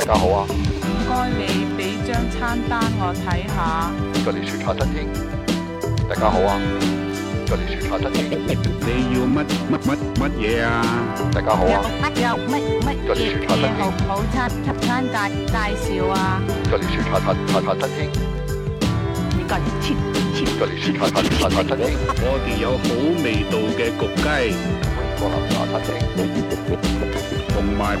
大家好啊！唔該，你俾張餐單我睇下。吉利茶餐廳，大家好啊！吉利茶餐廳，你要乜乜乜乜嘢啊？大家好啊！有乜乜嘢好套餐套餐大介紹啊！吉利你茶餐廳。我哋有好味道嘅焗雞，同埋。